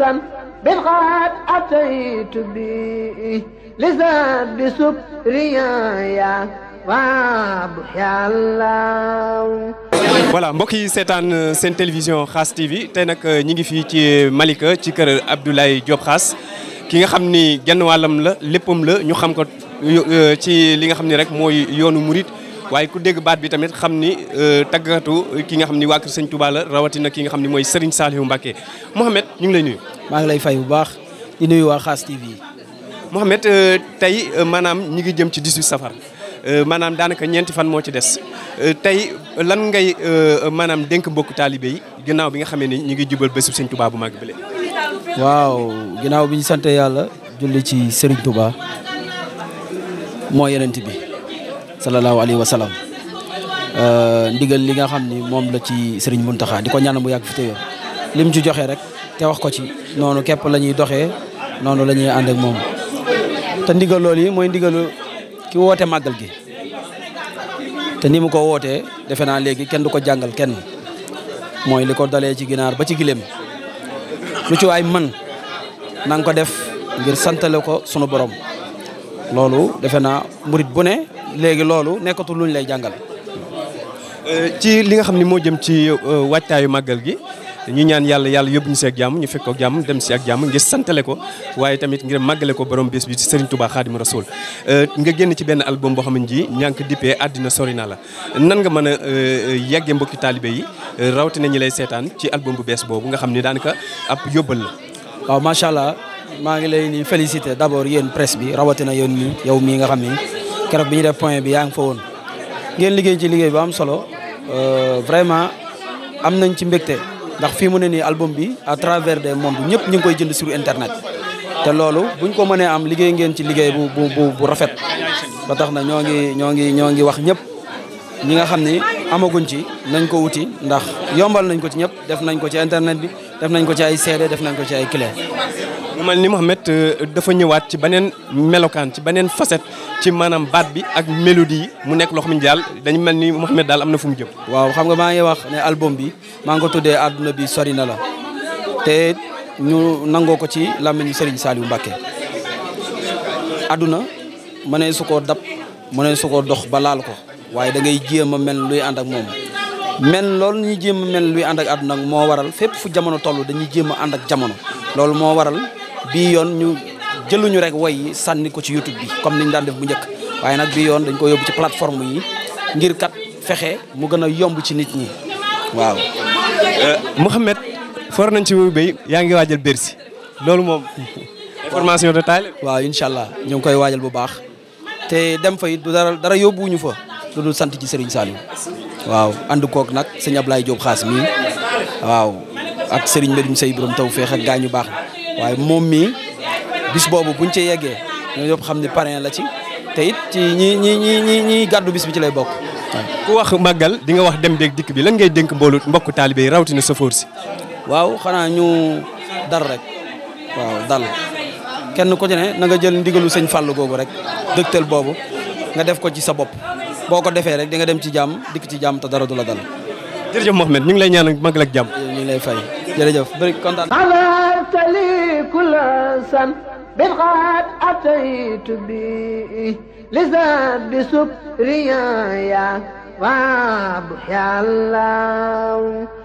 نفسا بالغاد أتيت به لزاد سكريايا voilà mbokk yi seetaan euh, seen télévision Khass TV tey nag euh, ñi ngi fii ci euh, Malika ci kër Abdoulaye Diop Khass ki nga xam ni genn wàllam la léppam la ñu xam ko ci li nga xam ni rek mooy yoonu murit waaye ku dégg baat bi tamit xam ni euh, tàggatu ki nga xam ni waa Kër tubaa la rawatina ki nga xam ni mooy Serigne Saliou Mbacké Mouhamed ñu ngi lay nuyu. maa ngi lay fay bu baax di nuyu waa Xaas TV. Mouhamed euh, tey euh, maanaam ñi ngi jëm ci 18 safar maanaam daanaka ñeenti fan moo ci des tey lan ngay maanaam dénk mbokku taalibe yi ginnaaw bi nga xamee ni ñu ngi jubal bésub Sëñ tubaa bu mag bi waaw ginnaaw bi ñu sant yàlla julli ci Serigne Touba moo yenent bi. sallallahu alayhi wa euh, ndigal li nga xam ni moom la ci Serigne Mountakha di ko ñaanal bu yàgg fi téye lim ci joxe rek te wax ko ci noonu képp la ñuy doxee noonu la ñuy ànd moom. te ndigal loolu yi mooy ndigalu ki woote màggal gi te ni mu ko wootee defe naa léegi kenn du ko jàngal kenn mooy li ko dalee ci ginaar ba ci gileem lu ci waay man na ko def ngir santale ko sunu borom loolu defe naa murit bu ne. léegi loolu nekkatul ñu lay jàngal. Euh, ci li nga xam ni moo jëm ci euh, waajtaayu màggal gi ñu ñaan yàlla yàlla yóbbu ñu si ak jàmm ñu fekk ak jàmm dem si ak jàmm ngir santale ko waaye tamit ngir màggale ko borom bés bi ci Serigne Touba Khadim Rasoul euh, nga génn ci benn album boo xam ne ji ñaa ngi àddina sori na la nan nga mën a yàggee mbokki taalibe yi rawatina ñi lay seetaan ci album bu bees boobu nga xam ni daanaka ab yóbbal la. waaw macha allah maa ngi lay ni félicité d'abord yéen presse bi rawatina yéen yow mii nga xam ni keroog bi ñu def point bi yaa ngi fa woon ngeen liggéey ci liggéey bu am solo euh, vraiment am nañ ci mbégte ndax fii mu ne nii album bi à travers de mondes ñëpp ñu ngi koy jënd sur internet te loolu bu buñ ko mënee am liggéey ngeen ci liggéey bu bu bu rafet ba tax na ñoo ngi ñoo ngi ñoo ngi wax ñëpp ñi nga xam ni amaguñ ci nañ ko wuti ndax yombal nañ ko ci ñëpp def nañ ko ci internet bi def nañ ko ci ay CD def nañ ko ci ay clé. mu mel ni Mouhamed euh, dafa ñëwaat ci beneen melokaan ci beneen facette ci maanaam baat bi ak mélodie yi mu nekk loo xam ne daal dañu mel ni Mouhamed daal am na fu mu jëm. waaw xam nga maa ngi wax ne album bi maa ngi ko tuddee àdduna bi sori na la te ñu nangoo ko ci làmmiñu Serigne Saliou Mbacké àdduna mënee su koo dab mënee su koo dox ba laal ko. waaye da ngay jéem a mel luy ànd ak moom mel loolu ñu jéem a mel luy ànd ak àdduna moo waral fépp fu jamono toll dañuy jéem a ànd ak jamono loolu moo waral bii yoon ñu jëluñu rek way sànni ko ci YouTube bi comme niñ daan def bu njëkk waaye nag bii yoon dañ ko yóbbu ci plateforme yi ngir kat fexe mu gën a yomb ci nit ñi waaw euh, Mouhamed for nañ ci wuyu béy yaa ngi waajal Bercy loolu moom information de taille waaw incha allah ñu ngi koy waajal bu baax te dem fa it du dara dara yóbbuwuñu lu dul sant ci Serigne Saliou waaw ànd kook nag sëñ Ablaye Diop xaas mii waaw ak sëriñ Serigne Medoune Sey borom taw feex ak gaañu baax waaye moom mii bis boobu buñ ci yeggee ñoo ñëpp xam ne parrain la ci te it ci ñi ñi ñi ñi ñi gàddu bis bi ci lay bokk. ku wax màggal di nga wax dem beeg dikk bi lañ ngay dénk mboolu mbokk taalibe yi rawatina sofóor si. waaw xanaa ñu dal rek waaw dal kenn ku ci ne na nga jël ndigalu sëñ fàll googu rek dëgtal boobu nga def ko ci sa bopp. boo ko defee rek di nga dem ci jàmm dikk ci jàmm te dara du la dal. jërëjëf Mouhamed ñu ngi lay ñaanal magal ak jàmm. ñu ngi lay fay jërëjëf bëri kontaan. بالغاد أتيت بي لزاد بسكريا يا